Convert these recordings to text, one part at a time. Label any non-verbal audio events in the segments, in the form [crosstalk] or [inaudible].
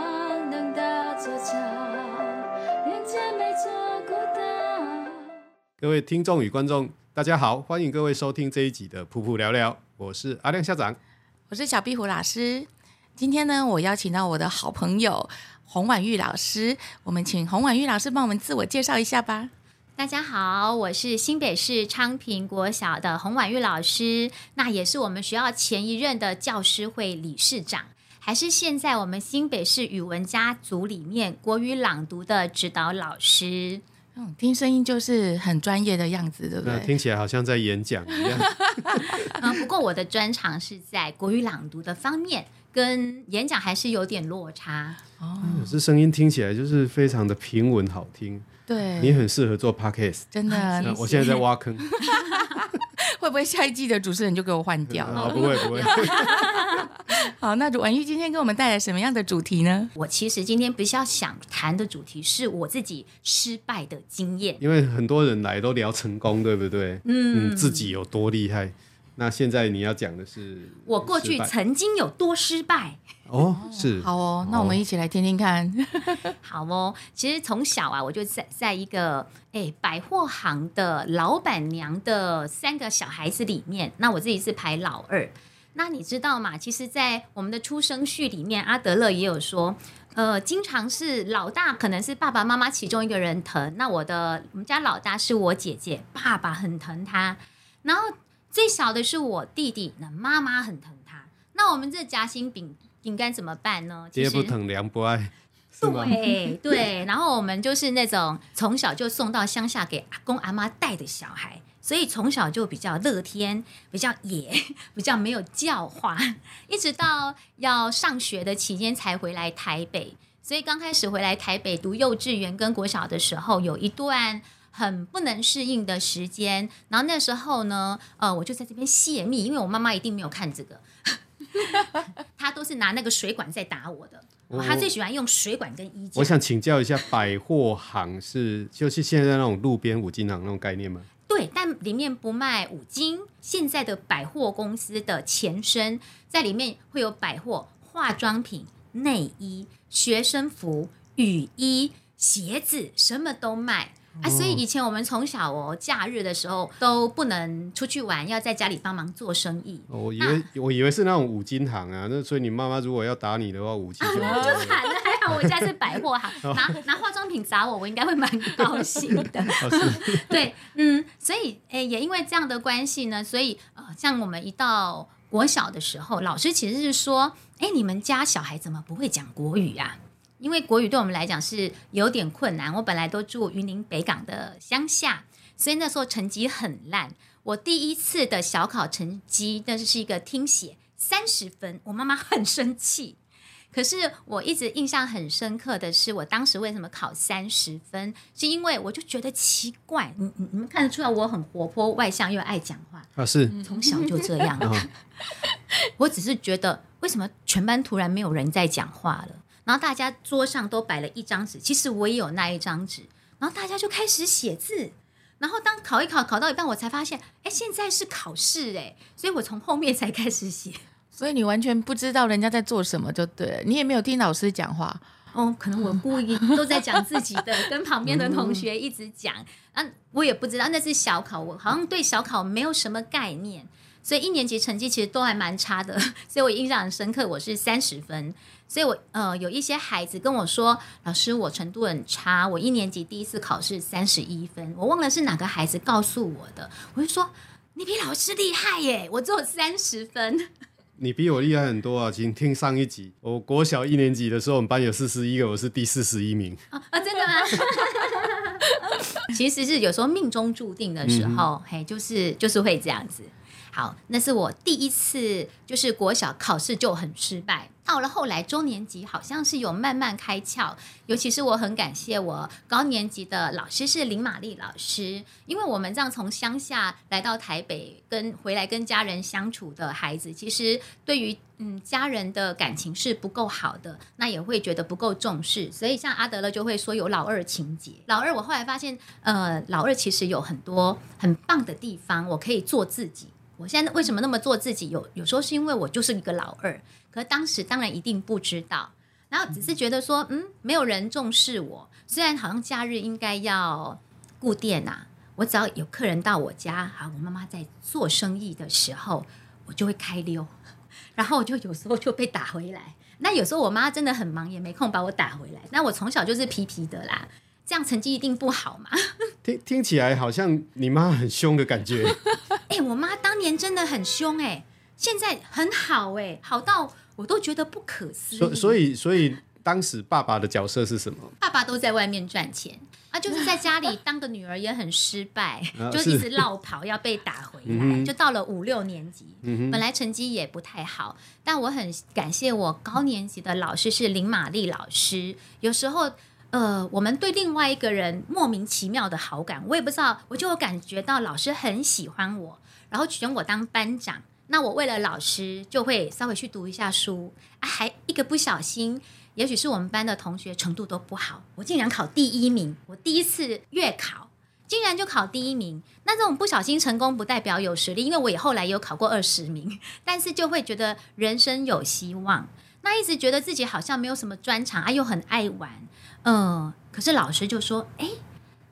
[music] 各位聽眾與觀眾，大家好，歡迎各位收聽這一集的《噗噗聊聊》，我是阿亮校長，我是小壁虎老師。今天呢，我邀請到我的好朋友洪琬喻老師，我們請洪琬喻老師幫我們自我介紹一下吧。大家好，我是新北市昌平國小的洪琬喻老師，那也是我們學校前一任的教師會理事長，還是現在我們新北市語文家族裡面國語朗讀的指導老師。嗯，聽聲音就是很專業的樣子，對不對？聽起來好像在演講一樣。 [laughs] 不過我的專長是在國語朗讀的方面。跟演講還是有點落差哦，嗯，這聲音聽起來就是非常的平穩好聽，對你很適合做 podcast，真的，哦那謝謝。我現在在挖坑， [laughs] [laughs] 會不會下一季的主持人就給我換掉？啊、嗯 [laughs] 哦，不會不會。 [laughs] [laughs] 好，那琬喻今天給我們帶來什麼樣的主題呢？我其實今天比較想談的主題是我自己失敗的經驗，因為很多人來都聊成功，對不對？嗯，嗯自己有多厲害。那現在你要講的是我過去曾經有多失敗哦，是好，哦，那我們一起來聽聽看，哦好哦。其實從小啊，我就在在一個哎百貨行的老板娘的三個小孩子裡面，那我自己是排老二。那你知道嗎？其實，在我們的出生序裡面，阿德勒也有說，呃，經常是老大可能是爸爸媽媽其中一個人疼。那我的我們家老大是我姐姐，爸爸很疼她，然後。最小的是我弟弟，那媽媽很疼他。那我們這夾心餅應該怎麼辦呢？爹不疼，娘不愛。對對， [laughs] 對，然後我們就是那種從小就送到鄉下給阿公阿媽帶的小孩，所以從小就比較樂天，比較野，比較沒有教化，一直到要上學的期間才回來台北。所以剛開始回來台北讀幼稚園跟國小的時候，有一段。很不能適應的時間，然後那時候呢，呃，我就在這邊洩密，因為我媽媽一定沒有看這個，她 [laughs] 都是拿那個水管在打我的，她、哦、最喜歡用水管跟衣架。我、我想請教一下，百貨行是就是現在那種路邊五金行的那種概念嗎？對，但裡面不賣五金。現在的百貨公司的前身在裡面會有百貨、化妝品、內衣、學生服、雨衣、鞋子，什麼都賣。啊，所以以前我們從小哦，假日的時候都不能出去玩，要在家裡幫忙做生意。哦、我以為我以為是那種五金行啊，那所以你媽媽如果要打你的話，五、啊、金就打你，還好我，我家是百貨行，拿拿化妝品砸我，我應該會蠻高興的。 [laughs] 對，嗯，所以誒、欸，也因為這樣的關係呢，所以呃，像我們一到國小的時候，老師其實是說，哎、欸，你們家小孩怎麼不會講國語啊？因為國語對我們來講是有點困難，我本來都住雲林北港的鄉下，所以那時候成績很爛。我第一次的小考成績，那是一個聽寫，三十分。我媽媽很生氣。可是我一直印象很深刻的是，我當時為什麼考三十分？是因為我就覺得奇怪，你你你們看得出來我很活潑、外向又愛講話？啊，是，從小就這樣。 [laughs] [laughs] 我只是覺得，為什麼全班突然沒有人在講話了？然後大家桌上都擺了一張紙，其實我也有那一張紙。然後大家就開始寫字。然後當考一考，考到一半，我才發現，哎，現在是考試哎，所以我從後面才開始寫。所以你完全不知道人家在做什麼，就對了。你也沒有聽老師講話。哦？可能我故意都在講自己的， [laughs] 跟旁邊的同學一直講。嗯、啊，我也不知道那是小考，我好像對小考沒有什麼概念，所以一年級成績其實都還蠻差的。所以我印象很深刻，我是三十分。所以我，我呃有一些孩子跟我說：“老師，我程度很差，我一年級第一次考試三十一分。”我忘了是哪個孩子告訴我的。我就說：“你比老師厲害耶！我只有三十分。”你比我厲害很多啊！請聽上一集，我國小一年級的時候，我們班有四十一個，我是第四十一名啊。哦哦！真的嗎？ [laughs] [laughs] 其實是有時候命中注定的時候，嗯嗯嘿，就是就是會這樣子。好，那是我第一次，就是國小考試就很失敗。到了後來中年級，好像是有慢慢開竅。尤其是我很感謝我高年級的老師是林瑪麗老師，因為我們這樣從鄉下來到台北跟，跟回來跟家人相處的孩子，其實對於嗯家人的感情是不夠好的，那也會覺得不夠重視。所以像阿德勒就會說有老二情結。老二，我後來發現，呃，老二其實有很多很棒的地方，我可以做自己。我現在為什麼那麼做？自己有有時候是因為我就是一個老二，可當時當然一定不知道，然後只是覺得說，嗯，嗯沒有人重視我。雖然好像假日應該要顧店啊，我只要有客人到我家，啊，我媽媽在做生意的時候，我就會開溜，然後我就有時候就被打回來。那有時候我媽真的很忙，也沒空把我打回來。那我從小就是皮皮的啦，這樣成績一定不好嘛？ [laughs] 聽聽起來好像你媽很兇的感覺。 [laughs] 哎、欸，我媽當年真的很凶、欸，哎，現在很好、欸，哎，好到我都覺得不可思議。所以所以，當時爸爸的角色是什麼？爸爸都在外面賺錢啊，就是在家裡當個女兒也很失敗，啊、就是一直落跑、啊、要被打回來。就到了五六年級、嗯，本來成績也不太好，但我很感謝我高年級的老師是林瑪麗老師，有時候。呃，我們對另外一個人莫名其妙的好感，我也不知道，我就感覺到老師很喜歡我，然後選我當班長。那我為了老師，就會稍微去讀一下書。啊，還一個不小心，也許是我們班的同學程度都不好，我竟然考第一名。我第一次月考，竟然就考第一名。那這種不小心成功，不代表有實力，因為我也後來也有考過二十名，但是就會覺得人生有希望。那一直覺得自己好像沒有什麼專長，啊，又很愛玩。嗯、呃，可是老師就說：“哎、欸，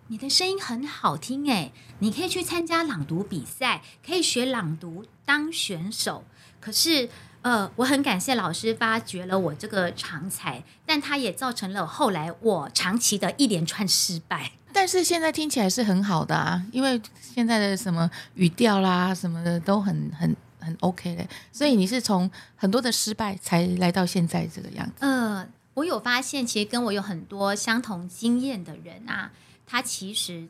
你的聲音很好聽、欸，哎，你可以去參加朗讀比賽，可以學朗讀當選手。”可是，呃，我很感謝老師發掘了我這個長才，但他也造成了後來我長期的一連串失敗。但是現在聽起來是很好的啊，因為現在的什麼語調啦什麼的都很很很 OK 的。所以你是從很多的失敗才來到現在這個樣子。嗯、呃。我有發現，其實跟我有很多相同經驗的人啊，他其實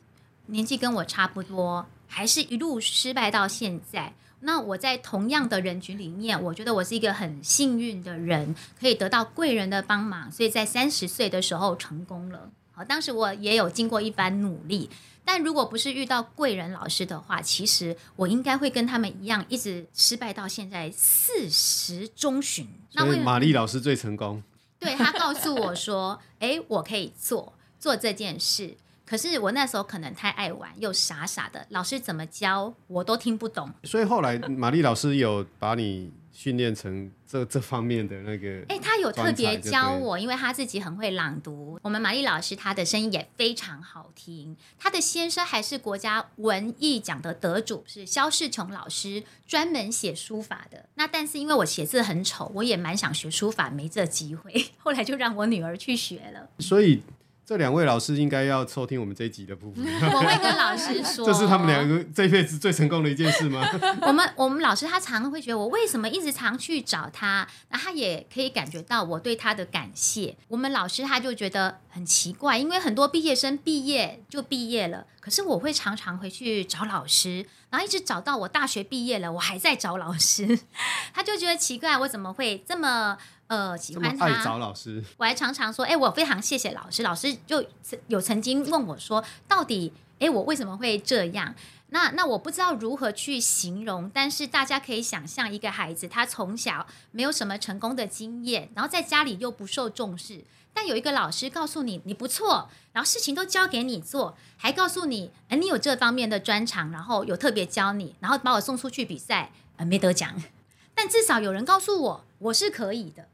年紀跟我差不多，還是一路失敗到現在。那我在同樣的人群裡面，我覺得我是一個很幸運的人，可以得到貴人的幫忙，所以在三十歲的時候成功了。好，當時我也有經過一番努力，但如果不是遇到貴人老師的話，其實我應該會跟他們一樣，一直失敗到現在四十中旬。那為瑪麗老師最成功。 [laughs] 對，他告訴我說：“哎、欸，我可以做做這件事。”可是我那時候可能太愛玩，又傻傻的，老師怎麼教我都聽不懂。所以後來瑪麗老師有把你訓練成這這方面的那個，誒、欸，他有特別教我，因為他自己很會朗讀。我們瑪麗老師她的聲音也非常好聽，她的先生還是國家文藝獎的得主，是蕭世瓊老師，專門寫書法的。那但是因為我寫字很醜，我也蠻想學書法，沒這機會，後來就讓我女兒去學了。所以。這兩位老師應該要收聽我們這一集的部分。 [laughs] 我會跟老師說，這是他們兩個這輩子最成功的一件事嗎？ [laughs] 我們我們老師他常常會覺得，我為什麼一直常去找他？那他也可以感覺到我對他的感謝。我們老師他就覺得很奇怪，因為很多畢業生畢業就畢業了，可是我會常常回去找老師，然後一直找到我大學畢業了，我還在找老師，他就覺得奇怪，我怎麼會這麼？呃，喜歡他愛找老師，我還常常說，哎、欸，我非常謝謝老師。老師就有曾經問我說，到底，哎、欸，我為什麼會這樣？那那我不知道如何去形容，但是大家可以想象，一個孩子他從小沒有什麼成功的經驗，然後在家裡又不受重視，但有一個老師告訴你，你不錯，然後事情都交給你做，還告訴你，哎、呃，你有這方面的專長，然後有特別教你，然後把我送出去比賽，呃，沒得獎，但至少有人告訴我，我是可以的。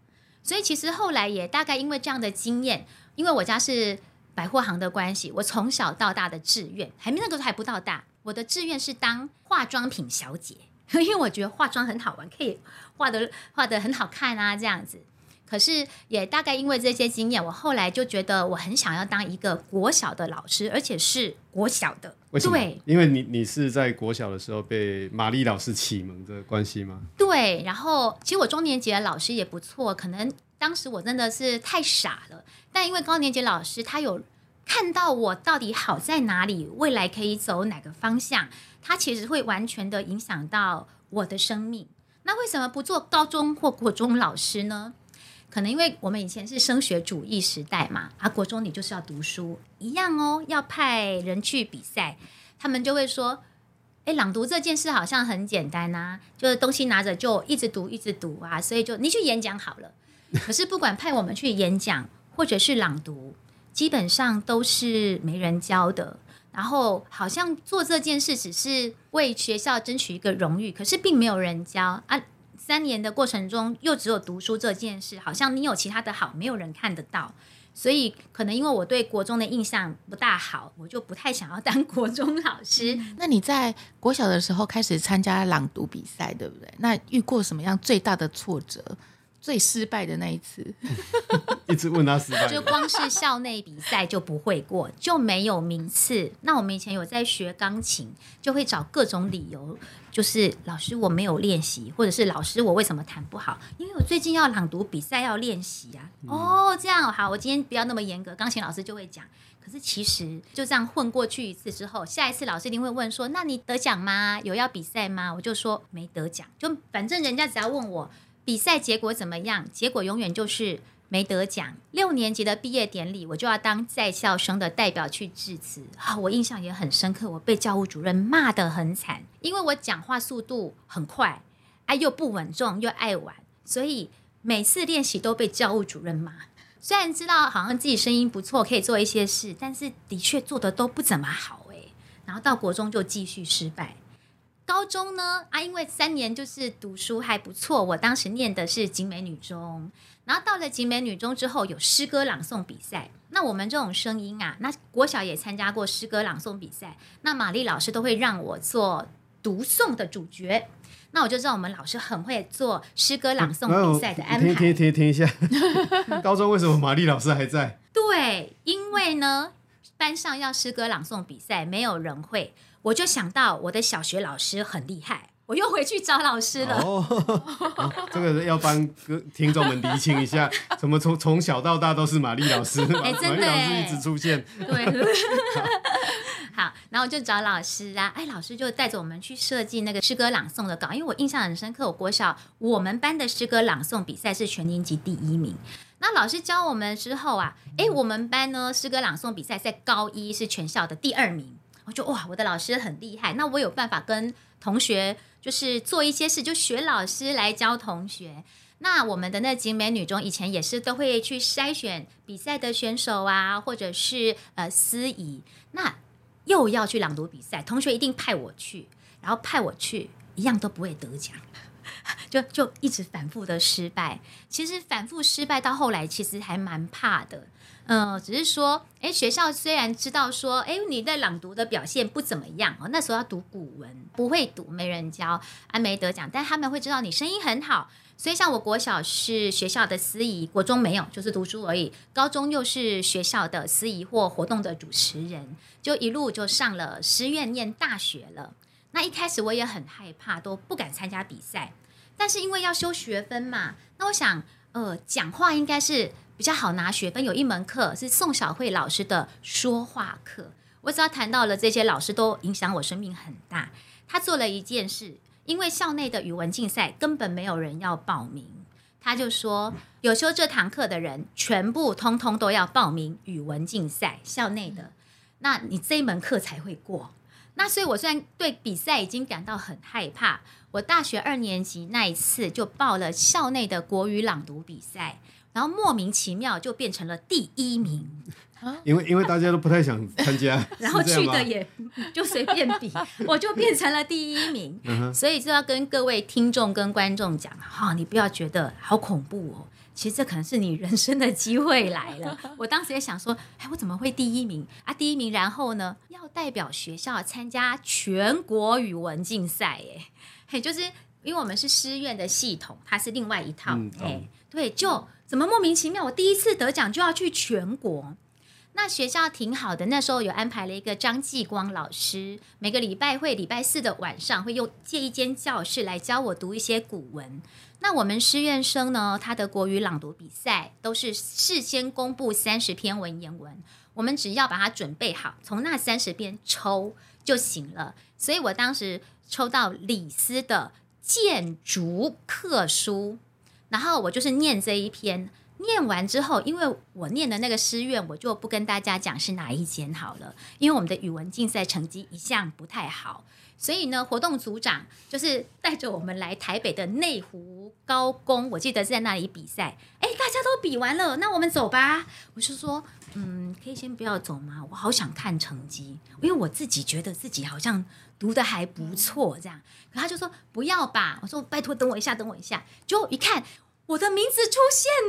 所以其實後來也大概因為這樣的經驗，因為我家是百貨行的關係，我從小到大的志願還沒那個還不到大，我的志願是當化妝品小姐，因為我覺得化妝很好玩，可以畫得畫得很好看啊，這樣子。可是也大概因為這些經驗，我後來就覺得我很想要當一個國小的老師，而且是國小的。對，為什麼？因為你你是在國小的時候被瑪麗老師啟蒙的關係嗎？對，然後其實我中年級的老師也不錯，可能當時我真的是太傻了。但因為高年級老師他有看到我到底好在哪裡，未來可以走哪個方向，他其實會完全的影響到我的生命。那為什麼不做高中或國中老師呢？可能因為我們以前是升學主義時代嘛，啊，國中你就是要讀書一樣哦，要派人去比賽，他們就會說，哎，朗讀這件事好像很簡單吶，啊，就是東西拿着就一直讀一直讀啊，所以就你去演講好了。可是不管派我們去演講或者是朗讀，基本上都是沒人教的，然後好像做這件事只是為學校爭取一個榮譽，可是並沒有人教啊。三年的過程中，又只有讀書這件事，好像你有其他的好，沒有人看得到，所以可能因為我對國中的印象不大好，我就不太想要當國中老師。嗯，那你在國小的時候開始參加朗讀比賽，對不對？那遇過什麼樣最大的挫折？最失敗的那一次， [laughs] 一直問他失敗，就光是校內比賽就不會過， [laughs] 就沒有名次。那我們以前有在學鋼琴，就會找各種理由，就是老師我沒有練習，或者是老師我為什麼彈不好？因為我最近要朗讀比賽要練習啊。哦、嗯，oh, 這樣好，我今天不要那麼嚴格。鋼琴老師就會講，可是其實就這樣混過去一次之後，下一次老師一定會問說：那你得獎嗎？有要比賽嗎？我就說沒得獎，就反正人家只要問我。比賽結果怎麼樣？結果永遠就是沒得獎。六年級的畢業典禮，我就要當在校生的代表去致辭，哈、oh，我印象也很深刻。我被教務主任罵得很慘，因為我講話速度很快，哎、啊，又不穩重，又愛玩，所以每次練習都被教務主任罵。雖然知道好像自己聲音不錯，可以做一些事，但是的確做得都不怎麼好，哎。然後到國中就繼續失敗。高中呢啊，因為三年就是讀書還不錯，我當時念的是景美女中，然後到了景美女中之後有詩歌朗誦比賽，那我們這種聲音啊，那國小也參加過詩歌朗誦比賽，那瑪麗老師都會讓我做讀誦的主角，那我就知道我們老師很會做詩歌朗誦比賽的安排。聽聽聽，聽一下， [laughs] 高中為什麼瑪麗老師還在？對，因為呢。班上要詩歌朗誦比賽，沒有人會，我就想到我的小學老師很厲害，我又回去找老師了。哦哦、這個要幫聽眾們理清一下，怎麼從從小到大都是瑪麗老師？哎，真的耶，瑪麗老師一直出現。對。對好，然後我就找老師啊，哎，老師就帶着我們去設計那個詩歌朗誦的稿。因為我印象很深刻，我國小我們班的詩歌朗誦比賽是全年級第一名。那老師教我們之後啊，哎，我們班呢詩歌朗誦比賽在高一是全校的第二名。我就哇，我的老師很厲害。那我有辦法跟同學就是做一些事，就學老師來教同學。那我們的那幾美女中以前也是都會去篩選比賽的選手啊，或者是呃司儀那。又要去朗讀比賽，同學一定派我去，然後派我去，一樣都不會得獎。 [laughs] 就就一直反覆的失敗，其實反覆失敗到後來其實還蠻怕的，嗯、呃，只是說，哎，學校雖然知道說，哎，你在朗讀的表現不怎麼樣，哦，那時候要讀古文，不會讀，沒人教，安、啊、沒得獎，但他們會知道你聲音很好，所以像我國小是學校的司儀，國中沒有，就是讀書而已，高中又是學校的司儀或活動的主持人，就一路就上了師院念大學了。那一開始我也很害怕，都不敢參加比賽。但是因為要修學分嘛，那我想，呃，講話應該是比較好拿學分。有一門課是宋小慧老師的說話課，我只要談到了這些老師都影響我生命很大。他做了一件事，因為校內的語文競賽根本沒有人要報名，他就說有修這堂課的人全部通通都要報名語文競賽，校內的，那你這一門課才會過。那所以，我雖然對比賽已經感到很害怕。我大學二年級那一次就報了校內的國語朗讀比賽，然後莫名其妙就變成了第一名。因為因為大家都不太想參加， [laughs] 然後去的也就隨便比， [laughs] 我就變成了第一名。Uh-huh. 所以就要跟各位聽眾跟觀眾講：哈、哦，你不要覺得好恐怖哦。其實這可能是你人生的機會來了。我當時也想說，哎，我怎麼會第一名啊？第一名，然後呢，要代表學校參加全國語文競賽？哎，嘿，就是因為我們是師院的系統，它是另外一套。哎、嗯嗯，對，就怎麼莫名其妙，我第一次得獎就要去全國。那學校挺好的，那時候有安排了一個張繼光老師，每個禮拜會禮拜四的晚上會用借一間教室來教我讀一些古文。那我們師院生呢？他的國語朗讀比賽都是事先公布三十篇文言文，我們只要把它準備好，從那三十篇抽就行了。所以我當時抽到李斯的《諫逐客書》，然後我就是念這一篇。念完之後，因為我念的那個師院，我就不跟大家講是哪一間好了。因為我們的語文競賽成績一向不太好，所以呢，活動組長就是帶着我們來台北的內湖高工，我記得是在那裡比賽。欸，大家都比完了，那我們走吧。我就說，嗯，可以先不要走嗎？我好想看成績，因為我自己覺得自己好像讀得還不錯這樣。可他就說不要吧。我說拜托，等我一下，等我一下。就一看。我的名字出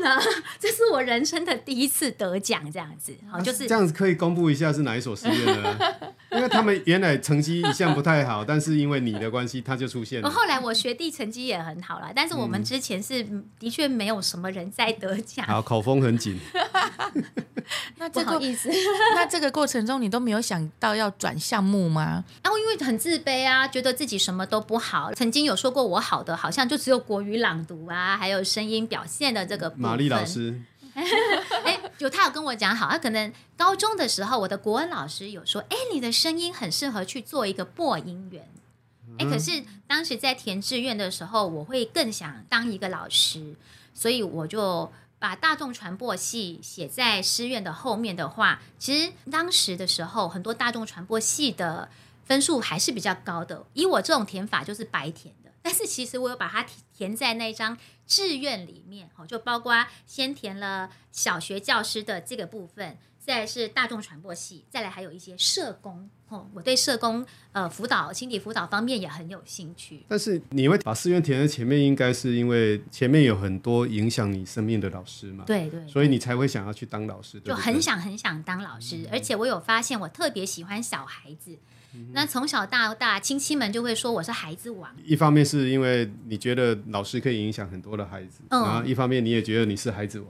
現了，這是我人生的第一次得獎，這樣子，好，就是、啊、這樣子可以公布一下是哪一所學院呢？ [laughs] 因為他們原來成績一向不太好， [laughs] 但是因為你的關係，他就出現了。後來我學弟成績也很好啦，但是我們之前是、嗯、的確沒有什麼人在得獎，好，口風很緊。 [laughs] [laughs] 那這個意思， [laughs] 那這個過程中你都沒有想到要轉項目嗎？然、啊、後因為很自卑啊，覺得自己什麼都不好，曾經有說過我好的，好像就只有國語朗讀啊，還有聲音表現的這個部分瑪麗老師，哎、 [laughs] 欸，有他有跟我講，好，他可能高中的時候，我的國文老師有說，哎、欸，你的聲音很適合去做一個播音員，哎、嗯欸，可是當時在填志願的時候，我會更想當一個老師，所以我就把大眾傳播系寫在師院的後面的話，其實當時的時候，很多大眾傳播系的分數還是比較高的，以我這種填法就是白填。但是其實我有把它填填在那一張志願裡面，哦，就包括先填了小學教師的這個部分，再來是大眾傳播系，再來還有一些社工，哦，我對社工，呃，輔導，心理輔導方面也很有興趣。但是你會把志願填在前面，應該是因為前面有很多影響你生命的老師嘛？對對，對對，所以你才會想要去當老師，就很想很想當老師，對對而且我有發現我特別喜歡小孩子。那從小到大，親戚們就會說我是孩子王。一方面是因為你覺得老師可以影響很多的孩子，嗯，然後一方面你也覺得你是孩子王，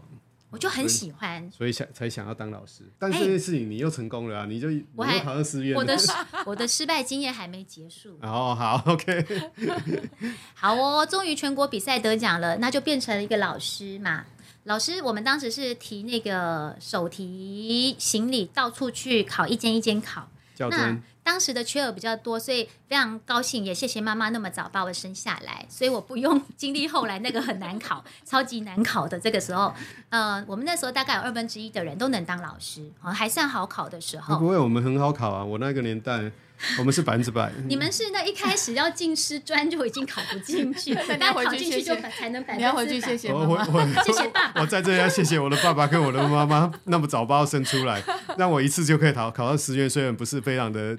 我就很喜歡，嗯、所以想才想要當老師。但這件事情你又成功了啊！你就我還好像失約，我的失 [laughs] 我的失敗經驗還沒結束。哦、oh,，好，OK， [laughs] 好哦，終於全國比賽得獎了，那就變成了一個老師嘛。老師，我們當時是提那個手提行李到處去考，一間一間考。教那當時的缺額比較多，所以。非常高興，也謝謝媽媽那麼早把我生下來，所以我不用經歷後來那個很難考， [laughs] 超級難考的這個時候。呃，我們那時候大概有二分之一的人都能當老師，哦，還算好考的時候哦。不會，我們很好考啊！我那個年代，我們是百分之百。 [laughs] 你們是那一開始要進師專就已經考不進去，等 [laughs] 到考進去就才能當老 [laughs] 你要回去謝謝媽媽我，我我 [laughs] 謝謝爸爸 [laughs] 我在這裡要謝謝我的爸爸跟我的媽媽，那麼早把我生出來，讓我一次就可以考考到師院，雖然不是非常的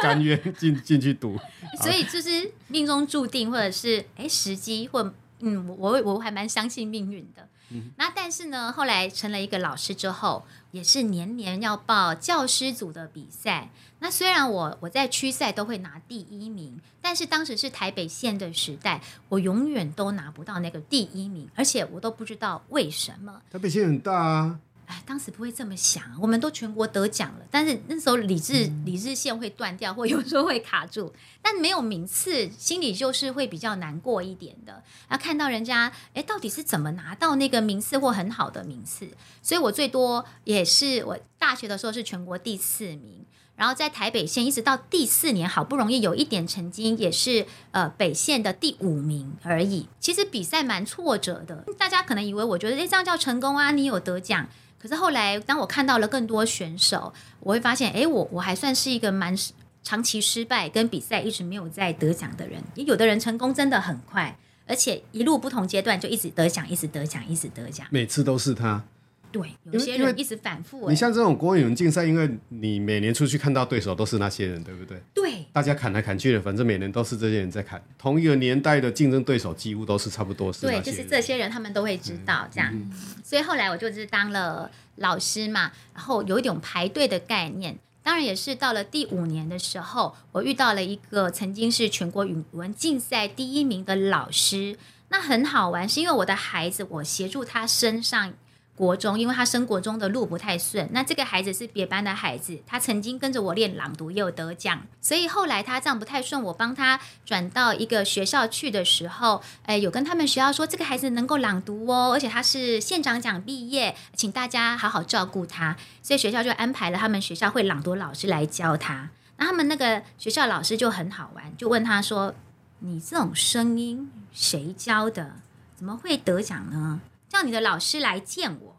甘願。 [laughs] 進進去讀，所以就是命中注定，或者是誒時機，或嗯，我我還蠻相信命運的。嗯。那但是呢，後來成了一個老師之後，也是年年要報教師組的比賽。那雖然我我在區賽都會拿第一名，但是當時是台北縣的時代，我永遠都拿不到那個第一名，而且我都不知道為什麼台北縣很大啊。哎，當時不會這麼想，我們都全國得獎了，但是那時候理智、理、嗯、智線會斷掉，或有時候會卡住，但沒有名次，心裡就是會比較難過一點的。要看到人家，哎、欸，到底是怎麼拿到那個名次或很好的名次？所以我最多也是我大學的時候是全國第四名，然後在台北縣一直到第四年，好不容易有一點成績，也是呃北線的第五名而已。其實比賽蠻挫折的，大家可能以為我覺得，誒、欸，這樣叫成功啊？你有得獎。可是後來，當我看到了更多選手，我會發現，誒，我我還算是一個蠻長期失敗、跟比賽一直沒有在得獎的人。也有的人成功真的很快，而且一路不同階段就一直得獎，一直得獎，一直得獎，每次都是他。對，有些人一直反覆、欸。你像這種國語文競賽，因為你每年出去看到對手都是那些人，對不對？對，大家砍來砍去的，反正每年都是這些人在砍，同一個年代的競爭對手幾乎都是差不多是。對，就是這些人，他們都會知道這樣、嗯。所以後來我就是當了老師嘛，然後有一種排隊的概念。當然，也是到了第五年的時候，我遇到了一個曾經是全國語文競賽第一名的老師，那很好玩，是因為我的孩子，我協助他身上。國中，因為他升國中的路不太順，那這個孩子是別班的孩子，他曾經跟着我練朗讀又得獎，所以後來他這樣不太順，我幫他轉到一個學校去的時候，誒，有跟他們學校說這個孩子能夠朗讀哦，而且他是縣長獎畢業，請大家好好照顧他，所以學校就安排了他們學校會朗讀老師來教他。那他們那個學校老師就很好玩，就問他說：“你這種聲音誰教的？怎麼會得獎呢？”叫你的老師來見我，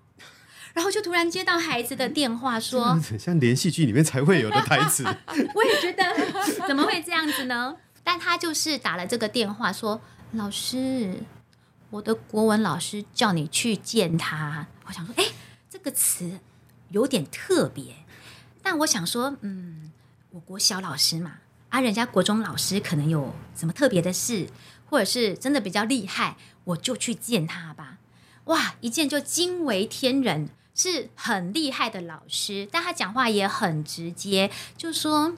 然後就突然接到孩子的電話說，說、嗯、像連續劇裡面才會有的台詞， [laughs] 我也覺得怎麼會這樣子呢？ [laughs] 但他就是打了這個電話說：“老師，我的國文老師叫你去見他。”我想說，哎、欸，這個詞有點特別，但我想說，嗯，我國小老師嘛，啊，人家國中老師可能有什麼特別的事，或者是真的比較厲害，我就去見他吧。哇，一見就驚為天人，是很厲害的老師，但他講話也很直接，就說：“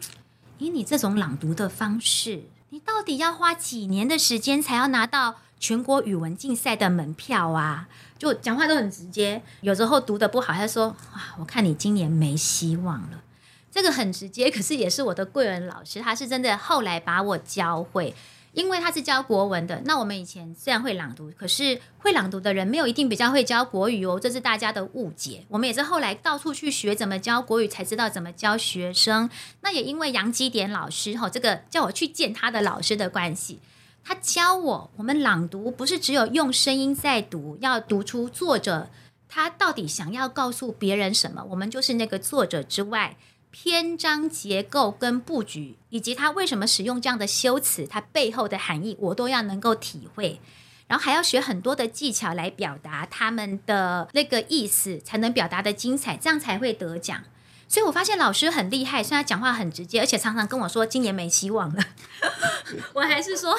以你這種朗讀的方式，你到底要花幾年的時間才要拿到全國語文競賽的門票啊？”就講話都很直接，有時候讀得不好，他說：“哇，我看你今年沒希望了。”這個很直接，可是也是我的貴人老師，他是真的後來把我教會。因為他是教國文的，那我們以前雖然會朗讀，可是會朗讀的人沒有一定比較會教國語哦，這是大家的誤解。我們也是後來到處去學怎麼教國語，才知道怎麼教學生。那也因為楊基典老師哈，這個叫我去見他的老師的關係，他教我，我們朗讀不是只有用聲音在讀，要讀出作者他到底想要告訴別人什麼。我們就是那個作者之外。篇章結構跟布局，以及他為什麼使用這樣的修辭，它背後的含義，我都要能夠體會。然後還要學很多的技巧來表達他們的那個意思，才能表達得精彩，這樣才會得獎。所以我發現老師很厲害，雖然講話很直接，而且常常跟我說今年沒希望了。 [laughs] 我還是說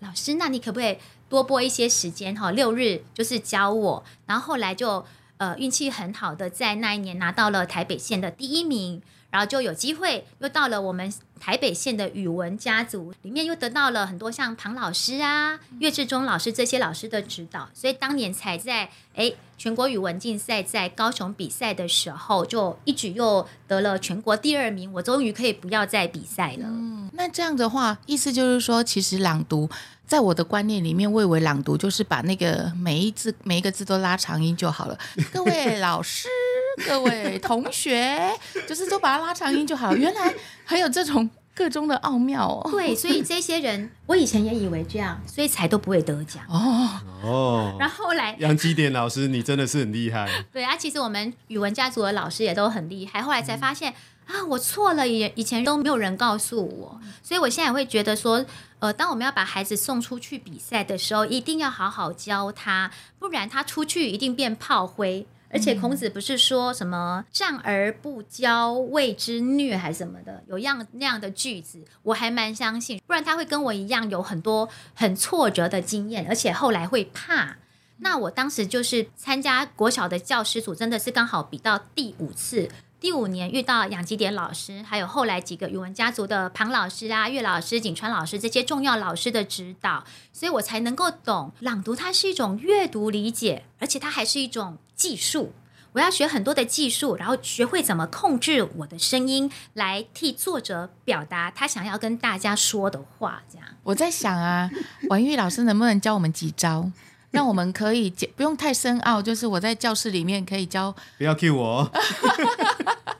老師，那你可不可以多播一些時間？哈，六日就是教我。然後後來就呃運氣很好的，在那一年拿到了台北縣的第一名。然後就有機會，又到了我們台北縣的語文家族裡面，又得到了很多像龐老師啊、岳、嗯、志忠老師這些老師的指導，所以當年才在哎全國語文競賽在高雄比賽的時候，就一舉又得了全國第二名。我終於可以不要再比賽了。嗯，那這樣的話，意思就是說，其實朗讀在我的觀念裡面，認為朗讀就是把那個每一字、每一個字都拉長音就好了。 [laughs] 各位老師。 [laughs] [laughs] 各位同學，就是都把它拉長音就好。原來還有這種個中的奧妙哦。對，所以這些人，我以前也以為這樣，所以才都不會得獎哦。哦。然後後來，楊基典老師，你真的是很厲害！對啊，其實我們語文家族的老師也都很厲害。後來才發現、嗯、啊，我錯了，也以前都沒有人告訴我，所以我現在會覺得說，呃，當我們要把孩子送出去比賽的時候，一定要好好教他，不然他出去一定變炮灰。而且孔子不是說什麼“戰而不教，謂之虐”，還是什麼的，有樣那樣的句子，我還蠻相信。不然他會跟我一樣有很多很挫折的經驗，而且後來會怕。那我當時就是參加國小的教師組，真的是剛好比到第五次，第五年遇到楊吉典老師，還有後來幾個語文家族的龐老師啊、岳老師、景川老師這些重要老師的指導，所以我才能夠懂朗讀，它是一種閱讀理解，而且它還是一種。技術，我要學很多的技術，然後學會怎麼控制我的聲音，來替作者表達他想要跟大家說的話。這樣，我在想啊，琬喻老師能不能教我們幾招， [laughs] 讓我們可以不用太深奧，就是我在教室裡面可以教。不要 cue 我。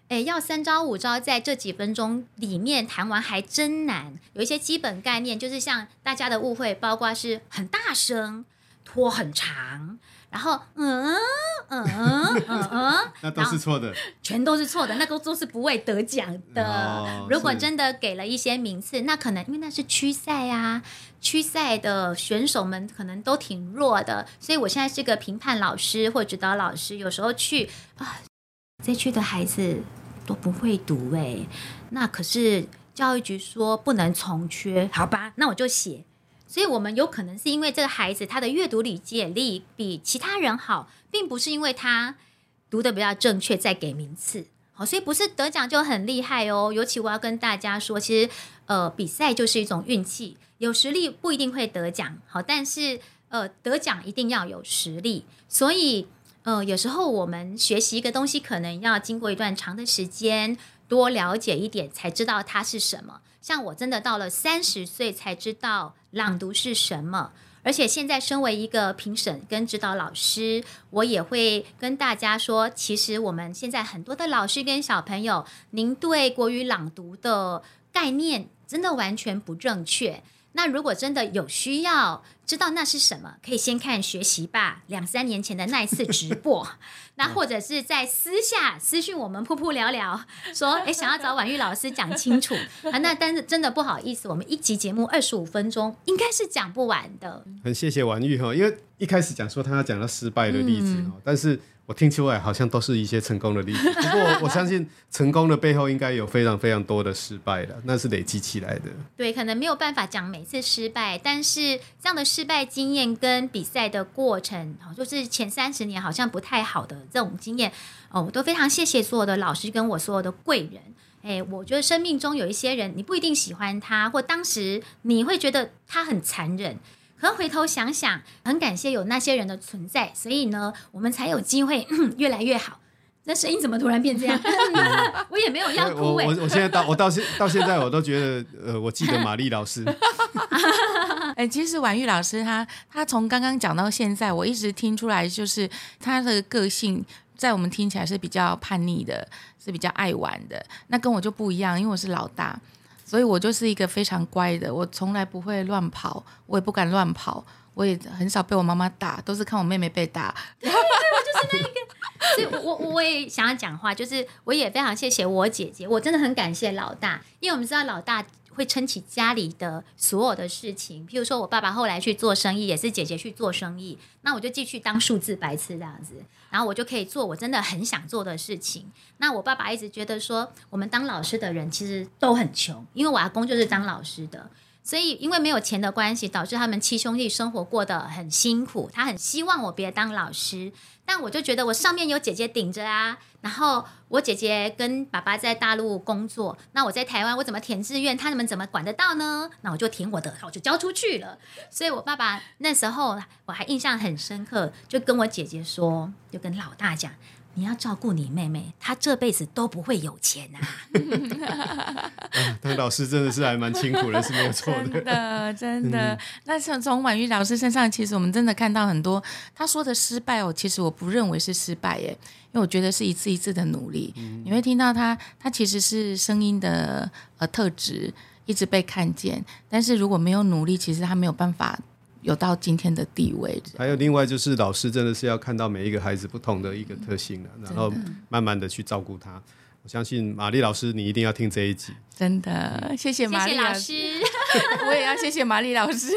哎、 [laughs] [laughs] 欸，要三招五招，在這幾分鐘裡面談完還真難。有一些基本概念，就是像大家的誤會，包括是很大聲、拖很長。然後，嗯嗯嗯嗯，嗯嗯 [laughs] 那都是錯的，全都是錯的，那都是不會得獎的。嗯哦、如果真的給了一些名次，那可能因為那是區賽啊，區賽的選手們可能都挺弱的。所以我現在是個評判老師或指導老師，有時候去啊，這區的孩子都不會讀哎、欸，那可是教育局說不能從缺，好吧，那我就寫。所以，我們有可能是因為這個孩子他的閱讀理解力比其他人好，並不是因為他讀得比較正確再給名次。好，所以不是得獎就很厲害哦。尤其我要跟大家說，其實呃，比賽就是一種運氣，有實力不一定會得獎。好，但是呃，得獎一定要有實力。所以，呃，有時候我們學習一個東西，可能要經過一段長的時間，多了解一點才知道它是什麼。像我真的到了三十歲才知道。朗讀是什麼？而且現在身為一個評審跟指導老師，我也會跟大家說，其實我們現在很多的老師跟小朋友，你對國語朗讀的概念真的完全不正確。那如果真的有需要知道那是什麼，可以先看學習吧，兩三年前的那一次直播， [laughs] 那或者是在私下私訊我們噗噗聊聊，說誒、欸，想要找琬喻老師講清楚啊， [laughs] 那但是真的不好意思，我們一集節目二十五分鐘應該是講不完的。很謝謝琬喻哈，因為一開始講說他要講到失敗的例子，嗯、但是。我聽出來好像都是一些成功的例子，不過我，我相信成功的背後應該有非常非常多的失敗了，那是累積起來的。 [laughs] 對，可能沒有辦法講每次失敗，但是這樣的失敗經驗跟比賽的過程，就是前三十年好像不太好的這種經驗，哦，我都非常謝謝所有的老師跟我所有的貴人。誒、欸，我覺得生命中有一些人，你不一定喜歡他，或當時你會覺得他很殘忍。可回頭想想，很感謝有那些人的存在，所以呢，我們才有機會、嗯、越來越好。那聲音怎麼突然變這樣？ [laughs] [laughs] 我也沒有要哭、欸。我我我現在到我到現到現在，我都覺得呃，我記得瑪麗老師。哎， [laughs] 其實琬喻老師他他從剛剛講到現在，我一直聽出來就是他的個性，在我們聽起來是比較叛逆的，是比較愛玩的。那跟我就不一樣，因為我是老大。所以我就是一個非常乖的，我從來不會亂跑，我也不敢亂跑，我也很少被我媽媽打，都是看我妹妹被打。對，對我就是那一個。 [laughs] 所以我我也想要講話，就是我也非常謝謝我姐姐，我真的很感謝老大，因為我們知道老大，會撐起家裡的所有的事情，譬如說我爸爸後來去做生意，也是姐姐去做生意，那我就繼續當數字白痴這樣子，然後我就可以做我真的很想做的事情。那我爸爸一直覺得說，我們當老師的人其實都很窮，因為我阿公就是當老師的。所以，因為沒有錢的關係，導致他們七兄弟生活過得很辛苦。他很希望我別當老師，但我就覺得我上面有姐姐頂着啊。然後我姐姐跟爸爸在大陸工作，那我在台灣，我怎麼填志願？他們怎麼管得到呢？那我就填我的，我就交出去了。所以我爸爸那時候我還印象很深刻，就跟我姐姐說，就跟老大講。你要照顧你妹妹，她這輩子都不會有錢吶、啊。哈哈哈哈哈！但老師真的是還蠻辛苦的，是沒有錯的。 [laughs] 真的，真的。 [laughs] 嗯、那像從琬喻老師身上，其實我們真的看到很多。她說的失敗哦，其實我不認為是失敗，耶，因為我覺得是一次一次的努力。嗯、你會聽到她，她其實是聲音的呃特質一直被看見，但是如果沒有努力，其實她沒有辦法。有到今天的地位。還有另外就是老師真的是要看到每一個孩子不同的一個特性了、啊嗯，然後慢慢的去照顧他。我相信瑪麗老師，你一定要聽這一集。真的，謝謝瑪麗老師。謝謝老師。 [laughs] 我也要謝謝瑪麗老師。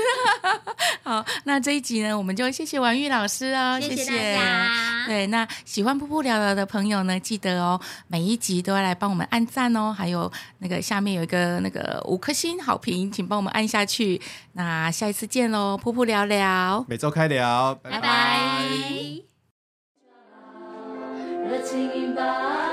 [laughs] 好，那這一集呢，我們就謝謝琬喻老師哦，謝謝。謝謝。對，那喜歡噗噗聊聊的朋友呢，記得哦，每一集都要來幫我們按讚哦，還有那個下面有一個那個五顆星好評，請幫我們按下去。那下一次見嘍，噗噗聊聊，每周開聊，拜拜。拜拜。